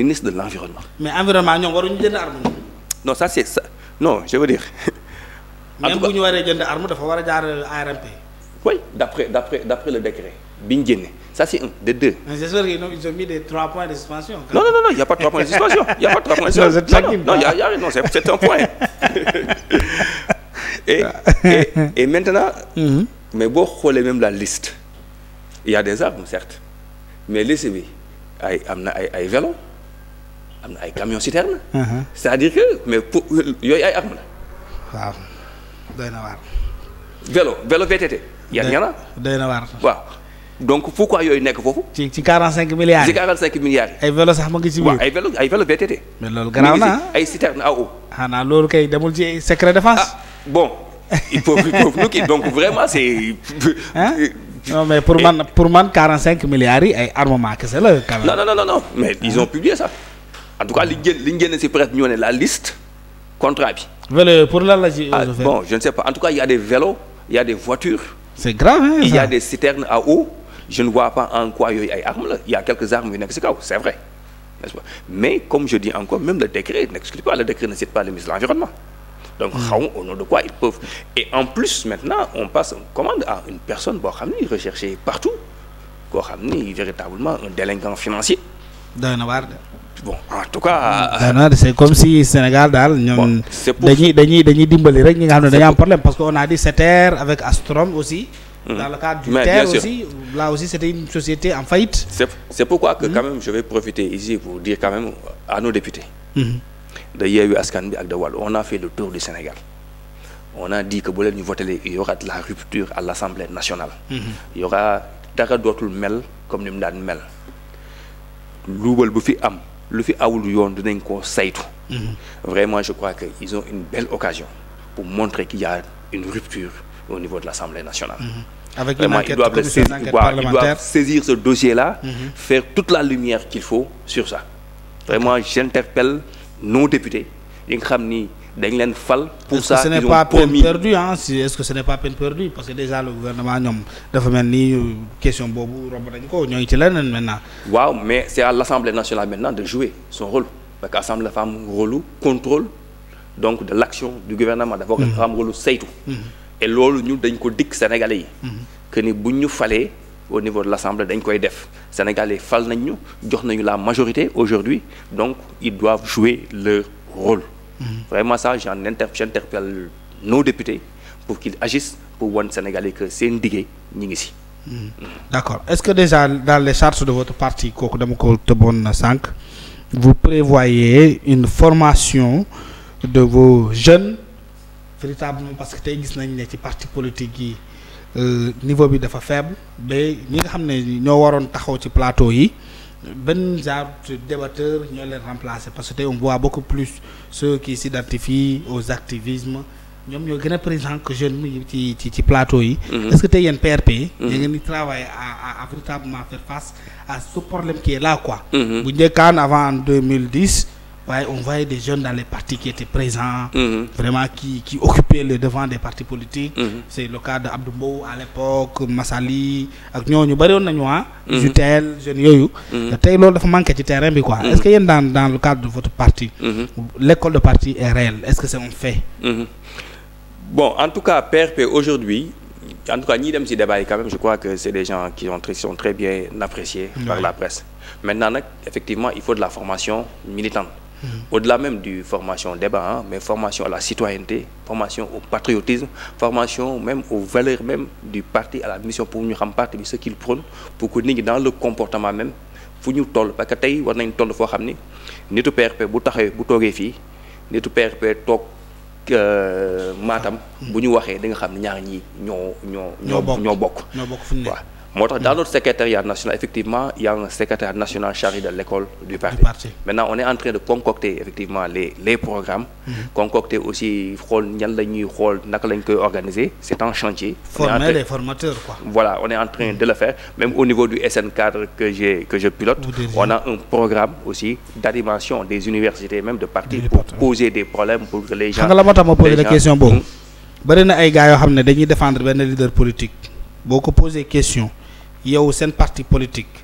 ministre de l'environnement. Mais environnement ñoom waruñu jënd arme. Non ça c'est ça. Non, je veux dire. Même bu ñu waree jënd arme dafa war a jaar ARMP. Oui, d'après d'après le décret bi ñu génne. Ça, c'est un. De deux. J'espère qu'ils ont mis des trois Non, non, non, non, a pas de trois points de suspension. Il n'y a pas de trois points de suspension. Non, non, non, y a, y a, non c'est un maintenant, mm-hmm. mais bon, on même la liste. Il y a des arbres, certes. Mais liste bi am na ay ay vélo am na ay camion citerne. Mm-hmm. c'est-à-dire que mais pour yooyu ay arme la. vélo vélo VTT. yan ñana doy na donc pourquoi yooyu nekk foofu. ci ci quarante cinq milliards yi cinq milliards yi. ay vélo sax ma ngi ci biir waaw ay vélo ay vélo VTT. mais loolu garaaw na ah. ay citerne à eau. xanaa loolu kay demul ci secret ah, défense. bon il faut il faut nu donc vraiment c'est. mais pour man pour man quarante cinq milliards yi ay armement kese la. non non non en tout cas li ñu génn li ñu génne ci presse ñoo ne la liste contrat bi. vélo pour lan la ci. Ah, bon je ne sais pas en tout cas il y a des vélos il y a c'est grave hein, ça il y à eau. je ne vois pas en quoi yooyu ay armes la il y a quelques armes yu nekk ci kaw c'est vrai n'est-ce pas mais comme je dis encore même le décret n'exclut pas le décret ne cite pas le ministre l'environnement donc hmm. xaw au nom de quoi ils peuvent et en plus maintenant on passe on commande à une personne boo xam ni recherchée partout koo xam ni véritablement un délinquant financier doy na waar de bon en tout cas. daanaka euh, c'est comme si Sénégal daal ñoom. dañuy dañuy dañuy que dans mm-hmm. le cadre du TER aussi là aussi c'était une société en faillite c'est pourquoi mm-hmm. quand même je vais profiter ici pour dire quand même à nos députés mm-hmm. de Yewwi Askan bi ak de Wallu on a fait le tour du Sénégal on a dit que bu leen ñu votelee il y aura de la rupture à l'Assemblée nationale il y aura dara dootul mel comme ni mu daan mel luubal bu fi am lu fi awul yoon dinañ koo saytu vraiment je crois que ils ont une belle occasion pour montrer qu'il Avec vraiment, une ils doivent, saisir, bah, ils doivent saisir ce dossier-là, mm -hmm. faire toute la lumière qu'il faut sur ça. Vraiment, j'interpelle nos députés. Ils dañ leen fal. pour ça ce n'est pas que ce n'est pas peine perdue parce que déjà le gouvernement ñoom dafa mel ni euh, question boobu romb nañ ko ñoo maintenant. waaw mais c'est à l'Assemblée nationale de jouer son rôle parce que assemblée dafa am rôle donc de l'action du gouvernement. Mhm. dafa am rôle et loolu ñu dañ ko dikk sénégalais yi mhm. que ni buñ ñu falee au niveau de l'Assemblée dañ koy def sénégalais fal nañ ñu jox nañu la majorité aujourd'hui donc ils doivent jouer leur rôle mhm. vraiment ça j'en inter no nos députés pour qu'ils agissent pour wan sénégalais que seen liggéey ñi ngi si mhm. d'accord est-ce que déjà dans les chartes de votre parti kooku dama ko tëboon na sànq vous prévoyez une formation de vos jeunes véritablement parce que tey gis nañ ne ci parti politique yi euh, niveau bi dafa faible ba ñi nga xam ne ñoo waroon taxaw ci plateau yi benn genre débatteur ñoo leen remplacer parce que tey on voit beaucoup plus ceux qui s'identifient aux activismes ñoom ñoo gën a présent que jeunes yi ci ci ci plateau yi. Mm-hmm. est-ce que tey yéen PRP. da ngeen di travailler à a à véritablement faire face à ce problème qui est là quoi. Mm-hmm. bu njëkkaan avant en deux mille dix. waaye on voyait des jeunes dans les partis qui étaient présents. Mhm. vraiment qui qui occupaient le devant des partis politiques. Mmh. c'est le cas de Abdou Mbow à l'époque Massali ak ñooñu bëri woon nañu ah. Mhm. Jutel jeunes yooyu. Mhm. tey loolu dafa manqué ci terrain bi quoi. est-ce que yéen dans dans le cadre de votre parti. l'école de parti est réelle est-ce que c'est un fait. bon en tout cas PRP aujourd'hui en tout cas ñiy dem ci débat yi quand même je crois que c'est des gens qui ont qui sont très bien appréciés. effectivement il faut la formation militante. Mm-hmm. au-delà même du formation débat hein, mais formation à la citoyenneté formation au patriotisme formation même aux valeurs même du parti à la mission pour ñu xam parti bi ce qu'il prône pour que nit ñi dans le comportement même fu ñu toll parce que tey war nañ toll foo xam ni nitu PRP bu taxee bu toogee fii nitu PRP toog euh, Matam mm-hmm. bu ñu waxee da nga xam ne ñaar ñi ñoo ñoo ñoo bokk ñoo bokk waaw moo tax dans notre secrétariat national effectivement il y a un secrétaire national chargé de l'école du parti. du parti maintenant on est en train de concocter effectivement les programmes. Mm-hmm. concocter aussi xool ñan la ñuy xool naka lañ koy organiser c'est un chantier. former les formateurs quoi. voilà on est en train de le faire même au niveau du SN cadre que je pilote. on a un programme aussi d'animation des universités même de parti pour poser des problèmes pour que les gens. xam mm. xam ne dañuy défendre benn leader politique boo ko poser question. yow seen parti politique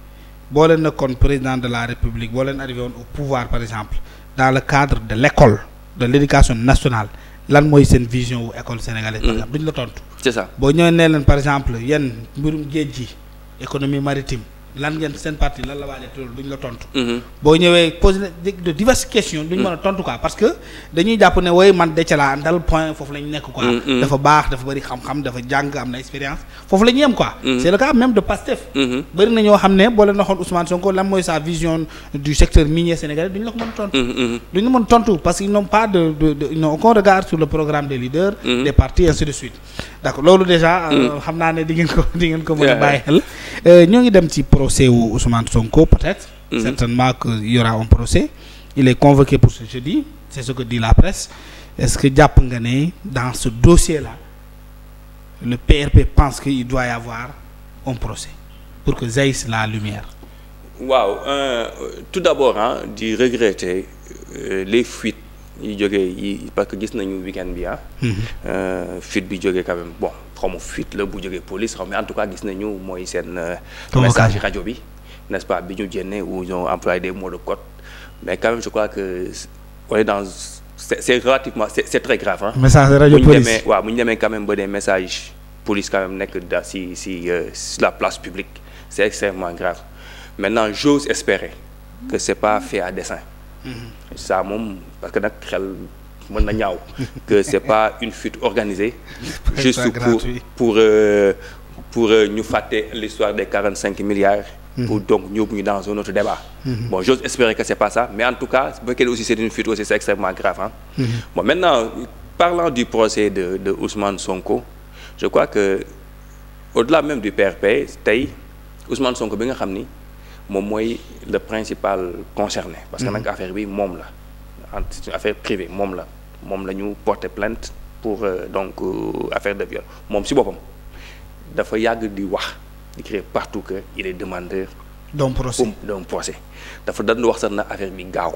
boo leen nekkoon président de la république boo leen arrivé woon au pouvoir par exemple dans le cadre de l' école de l' nationale lan mooy seen vision u école sénégalaise. par mm. exemple la tontu. c'est boo ñëwee nee leen par exemple yenn mbirum géej gi économie maritime. lan ngeen seen parti lan la waajal loolu duñ la tontu. Mhm. boo ñëwee posé de diverses questions. duñ mhm. mën a tontu quoi parce que dañuy jàpp ne woy man Déthié laa àndal point foofu lañ nekk quoi. Mhm. dafa baax dafa bëri xam-xam dafa jàng am na expérience foofu la ñuy yem quoi. c' est le même de Pastef. bëri na ñoo xam ne boo leen waxoon Ousmane Sonko lan sa vision du secteur minier sénégalais duñ la ko mën a tontu. duñ la mën a tontu parce que ils n' d' procès wu Ousmane Sonko peut-être. Mm -hmm. certainement qu'il y aura un procès. il est convoqué pour ce jeudi c'est ce que dit la presse est-ce que jàpp nga ne dans ce dossier-là le PRP pense qu'il doit y avoir un procès pour que jaillisse la lumière. Euh, tout d'abord hein, regretter euh, les fuites. yu jógee yi parce que gis nañu weekend bi ah. Mhm. Euh, fuite bi jógee quand même bon xaw ma fuite la bu jógee police xaw ma en tout cas gis nañu mooy seen. Euh, message rajo bi n'est-ce pas bi ñu génnee où ils ont de code mais quand même je crois que on est dans c'est c'est relativement c'est c'est très grave ah. message rajo police bu ñu demee waaw bu ñu demee quand même ba des messages si si euh, si la place publique c'est extrêmement grave maintenant j'ose espérer que c'est pas fait à dessein. Mm-hmm. ça moom parce que nag xel mën na ñaaw que c'est pas une fuite organisée juste pour euh, pour euh, ñu fàtte l'histoire des quarante cinq milliards mm-hmm. pour donc ñëw ñu dans un autre débat mm-hmm. j'ose espérer que c'est pas ça mais en tout cas bu fekkee aussi c'est une extrêmement grave maintenant parlant du procès de de Sonko je crois que au-delà même du PRP tey ousman Sonko bi nga xam ni moom mooy le principal concerné. parce que mhm. nag affaire bi moom la en c'est affaire privée moom la moom la ñu porter plainte pour euh, donc euh, affaire de viol moom si boppam dafa yàgg di wax di crier partout que il est demandeur. d'un procès d'un procès dafa dañu wax sax na affaire bi gaaw.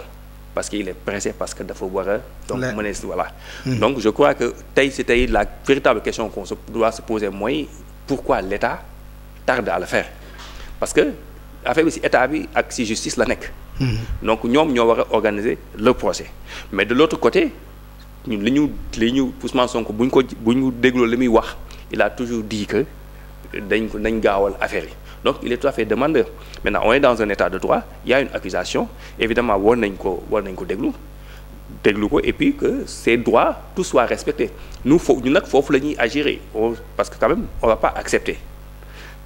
parce qu'il est pressé parce que dafa war a donc mën voilà mmh. donc je crois que tey si tey la véritable question qu'on se doit se mooy pourquoi l'État tarde à le faire parce que affaire bi ci état bi ak ci justice la nekk. Hmm. donc ñoom ñoo war a organiser le procès mais de l' côté ñun li ñu li ñu Ousmane Sonko bu ñu ko bu ñu dégloo li muy wax il a toujours di que dañ ko nañ gaawal affaire yi donc il est tout à fait demandeur maintenant on est dans un état de droit il y a une accusation évidemment war nañ ko war nañ ko déglu déglu ko et puis que ces droits tout soit respecté nous foofu ñu nag foofu la ñuy agir parce que quand même on va pas accepter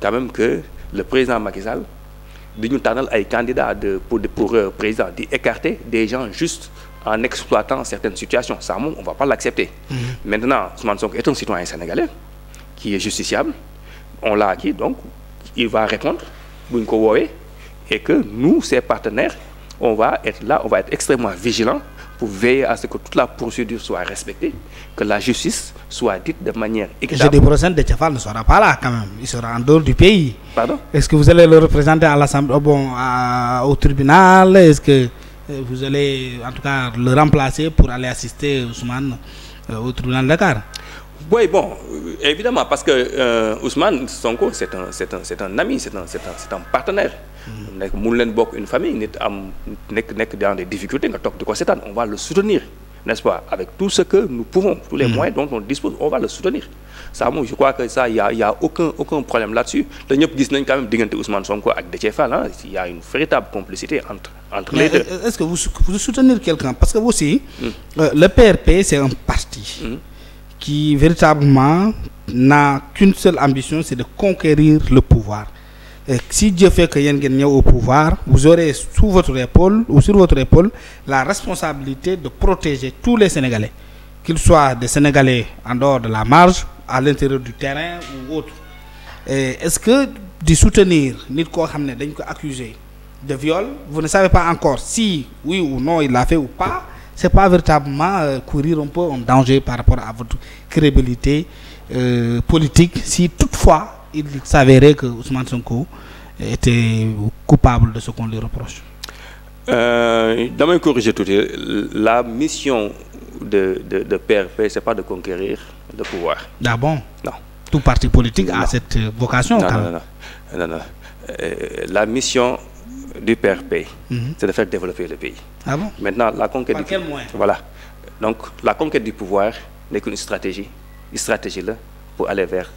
quand même que le président Macky di ñu tànnal ay candidats de pour pour euh, président di écarter des gens juste en exploitant certaines situations ça moom on va pas l'accepter mm-hmm. maintenant Ousmane est un citoyen sénégalais qui est justiciable on l'a acquis donc il va répondre bu ko woowee et que nous ses partenaires on va être là on va être extrêmement vigilants pour veiller à ce que toute la procédure soit respectée, que la justice soit dite de manière équitable. Jeudi prochain, Déthié Fall ne sera pas là quand même, il sera en dehors du pays. Est-ce que vous allez le représenter à l'Assemblée, euh, au tribunal? Est-ce que euh, vous allez en tout cas le remplacer pour aller assister Ousmane euh, au tribunal de Dakar? Oui, bon, euh, évidemment parce que euh, Ousmane Sonko, c'est un c'est un ami, c'est un partenaire. nekk mun leen bokk une famille nit am nekk nekk dans des difficultés nga toog di ko seetaan on va le soutenir n'est-ce pas avec tout ce que nous pouvons tous les mm-hmm. moyens dont on dispose on va le soutenir ça moom je crois que ça y y a aucun problème là-dessus te ñëpp gis nañ quand même diggante Ousmane Sonko ak Déthié Fall ah y a une véritable complicité entre entre les deux est-ce que vous soutenir quelqu'un parce que aussi mm. euh, le PRP c'est si Dieu fait que yéen ngeen ñëw au pouvoir vous aurez sous votre épaule ou sur votre épaule la responsabilité de protéger tous les Sénégalais qu'ils soient de Sénégalais en dehors de la marge à l'intérieur du terrain ou autre et est-ce que di soutenir nit koo xam ne dañ ko accuser de viol vous ne savez pas encore si oui ou non il l'a fait ou pas c'est pas véritablement euh, courir un peu en danger par rapport à votre crédibilité euh, politique si toutefois il s'avérait que Ousmane Sonko était coupable de ce les lui reproche euh, damay corriger tuuti la mission de de de PRP c'est pas de conquérir le pouvoir. Ah tout parti politique a non. cette euh, vocation. non non, euh, la mission du PRP. Mm -hmm. c'est de faire développer le pays. ah bon maintenant la conquête. voilà donc la conquête du pouvoir n'est qu'une stratégie une stratégie là. pour aller vers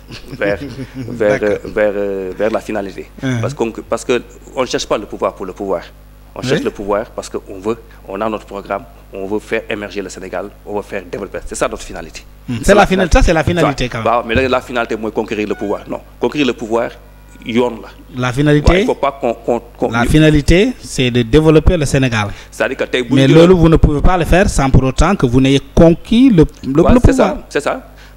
vers vers euh, vers, euh, vers la finalité ah. parce que parce que on cherche pas le pouvoir pour le pouvoir parce que veut a notre programme on veut faire émerger le Sénégal on veut faire développer c'est notre finalité hmm. c'est la finalité ça mais la finalité mooy conquérir le pouvoir non conquérir le pouvoir la finalité c'est de développer le Sénégal c'est-à-dire vous ne pouvez pas le faire sans pour autant que vous n'ayez conquis le, pouvoir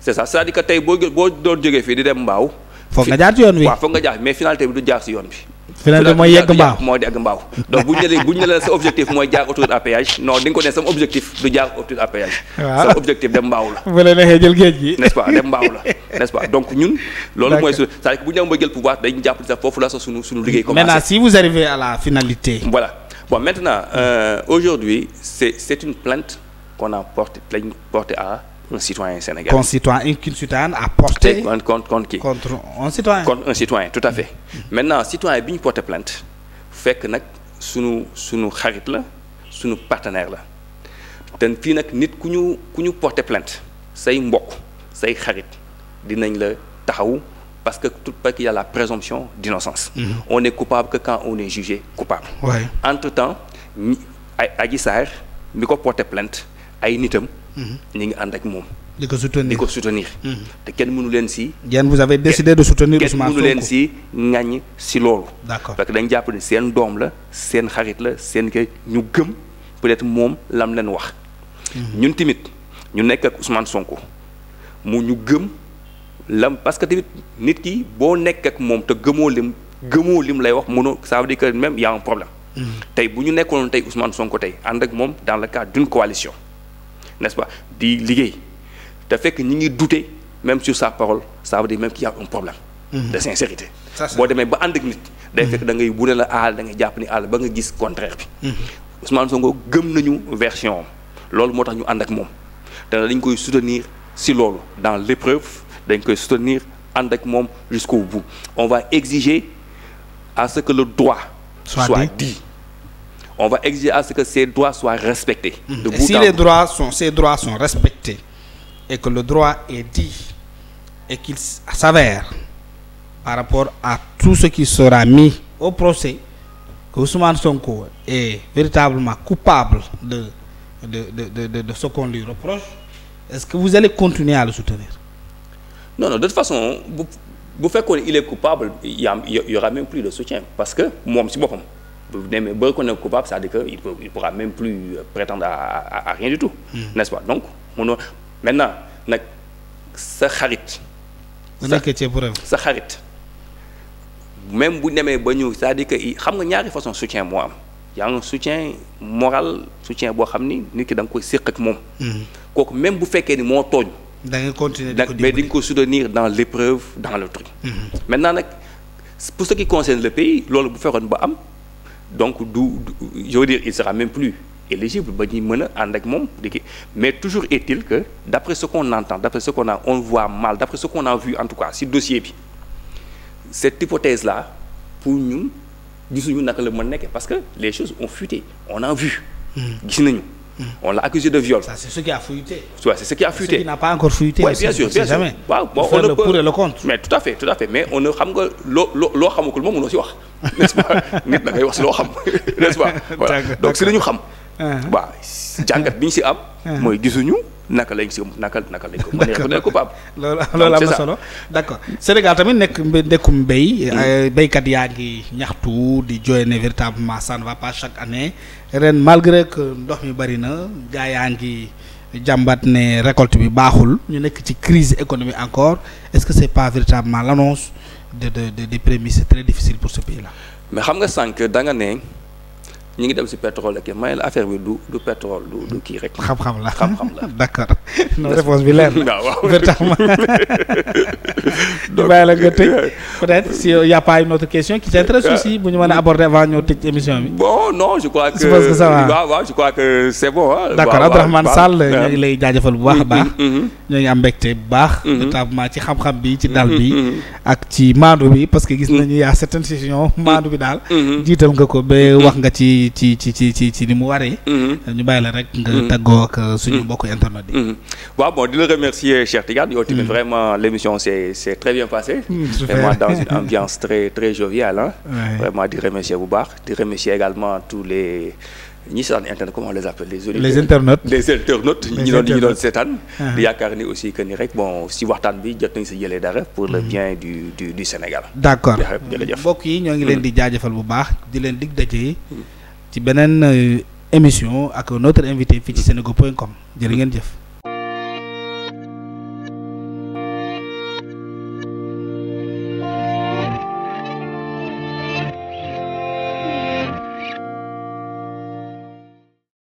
c'est ça c'est-à-dire que tey boo boo doon jógee fii dem mbaaw. foog nga jaar yoon wi waaw foog nga jaar mais finalité bi du jaar si yoon bi. ko ne sama objectif du jaar mbaaw la. bu la neexee jël géej ñun. loolu mooy su c'est-à-dire que bu ñu dem ba jël pouvoir dañu jàpp ni sax la sa sunu sunu liggéey. commencé maintenant si vous arrivez à la finalité. voilà bon maintenant euh, aujourd'hui c'est une plainte qu'on a portée lañ portée à un citoyen sénégalais. qu'un a porté. contre contre qui contre un citoyen. contre un citoyen tout à fait. maintenant citoyen bi ñu porté plainte fekk nag sunu sunu xarit la sunu partenaire la te fii nag nit ku ñu ku ñu porté plainte say mbokk say xarit dinañ la taxaw parce que tout parce qu'il y la présomption d'innocence mm -hmm. on est coupable que quand on est jugé coupable. Ouais. entre temps Adji Sarr mi ko porté plainte. ay nitam. Mhm. ñu ngi ànd ak moom. di ko soutenir di mhm. te kenn mënu leen si. yéen vous avez décidé de soutenir Ousmane Sonko kenn mënu leen si ŋaññi si loolu. d'accord parce que dañ jàpp seen doom la seen xarit la seen kay ñu gëm peut-être moom lam leen wax. Mhm. ñun tamit ñu nekk ak Ousmane Sonko mu ñu gëm lam parce que tamit nit ki boo nekk ak moom te gëmoo lim gëmoo lim lay wax munoo saa veut dire que même y a un problème. tey bu ñu nekkoon tey Ousmane Sonko tey ànd ak moom dans le cadre d'une n'est-ce pas di liggéey te fekk ñi ngi douter même sur sa parole ça veut dire même qu'il y a un problème mhm. de sincérité boo demee ba ànd ak nit day mhm. fekk da ngay bu ne la aal da jàpp ni aal ba nga gis contraire bi mhm. Ousmane Sonko gëm nañu version loolu moo tax ñu ànd ak moom te dañ koy soutenir si loolu dans l'épreuve dañ koy soutenir ànd ak moom jusqu'au bout on va exiger à ce que le droit soit dit on va exiger à ce que ces droits soient respectés. Hmm. de bout si les droits sont ces droits respectés et que le droit est dit et qu'il s'avère par rapport à tout ce qui sera mis au procès que Ousmane Sonko est véritablement coupable de de de de de ce qu'on lui reproche est-ce que vous allez continuer à le soutenir. non non de façon bu bu fekkoon il est coupable il y a y aura même plus de soutien parce que moom si boppam. bu demee ba ko nekk coupable c'est-à-dire que il peut il pourra même plus euh, prétendre à rien du tout. Hmm. nest pas donc munoo maintenant nag sa xarit. sa sa xarit. même bu nemee ba ñu c'est-à-dire que xam nga ñaari façon soutien moo am yaa nga soutien moral soutien boo xam ni nit ki danga koy séq ak moom. Hmm. kooku même bu fekkee ni moo tooñ. da nga continuer di ko mais di nga ko soutenir dans l'épreuve dans le truc. Mm nag pour ce qui concerne le pays loolu bu fekkoon am. donc du je veux dire il sera même plus éligible ba ñuy mën a ànd ak moom di mais toujours est-il que d'après ce qu'on entend d'après ce qu'on a on voit mal d'après ce qu'on a vu en tout cas si dossier bi cette hypothèse la pour ñun gisuñu naka la mën nekkee parce que les choses ont fuité on a vu hmm. gis nañu on l'a accusé de viol. ça c'est ce qui a fuité. Ouais, c'est ce qui a fuité. ce qui n'a pas encore fuité. Ouais, bien sûr bien sûr waaw bon on ne peut pour et le contre. mais tout à fait tout à fait mais on ne xam nga loo loo loo xamagul moom mënoo si wax n'est-ce pas nit da ngay wax si loo xam n'est-ce pas. voilà donc si la ñu xam. Uh-huh. waaw jàngat bi ñu si am. Uh-huh. mooy gisuñu naka lañ si naka naka lañ ko. d' accord mën coupable. loolu loolu am na solo d' accord Sénégal tamit nekk nekkum mbéy. Mm. Euh, béykat yaa ngi ñaxtu di jooy ne véritablement ça ne va pas chaque année. ren malgré que ndox mi bëri na gaa yaa ngi jàmbat ne récolte bi baaxul ñu nekk ci crise économique encore est-ce que c'est pas véritablement l'annonce de de de des prémices très difficiles pour ce pays-là. mais xam nga sànq da nga ne. ñu ngi dem si pétrole ak may la affaire bi du du pétrole du du kii rek. xam-xam la xam-xam la d'accord. non réponse bi leer na waaw véritablement. donc bàyyi la nga tëj peut si y a pas une autre question qui t'intéresse aussi bu ñu mën a aborder avant ñoo tëj émission bi. bon non je crois que je pense que ça va waaw waaw ñoo ngi lay jaajëfal bu baax a mm-hmm, baax. Mm-hmm. ñoo ngi am mbégte bu baax. ma mm-hmm. ci xam-xam bi ci dal bi. ak ci maandu bi parce que gis nañu y a certaines maandu bi daal. jiital wax nga ci. ci ci ci ci ci ni mu waree. Mm-hmm. ñu bàyyi la rek nga mm-hmm. tàggoo ak uh, suñu mm-hmm. mbokk internet yi. waaw bon di la remercier Cheikh Tidiane yow tamit vraiment l' émission c' est c' bien passé. vraiment dans une ambiance très joviale ah. di remercier bu baax di remercier également tous les. ñi les internautes les internautes ñi doon seetaan ah. di yaakaar ni aussi que ni rek si waxtaan bi jot nañ si jëlee dara pour le bien du du du Sénégal d'accord mbokk yi ñoo ngi leen di ci beneen euh, émission ak notre invité fii ci mm. senego point com jërë ngeen jëf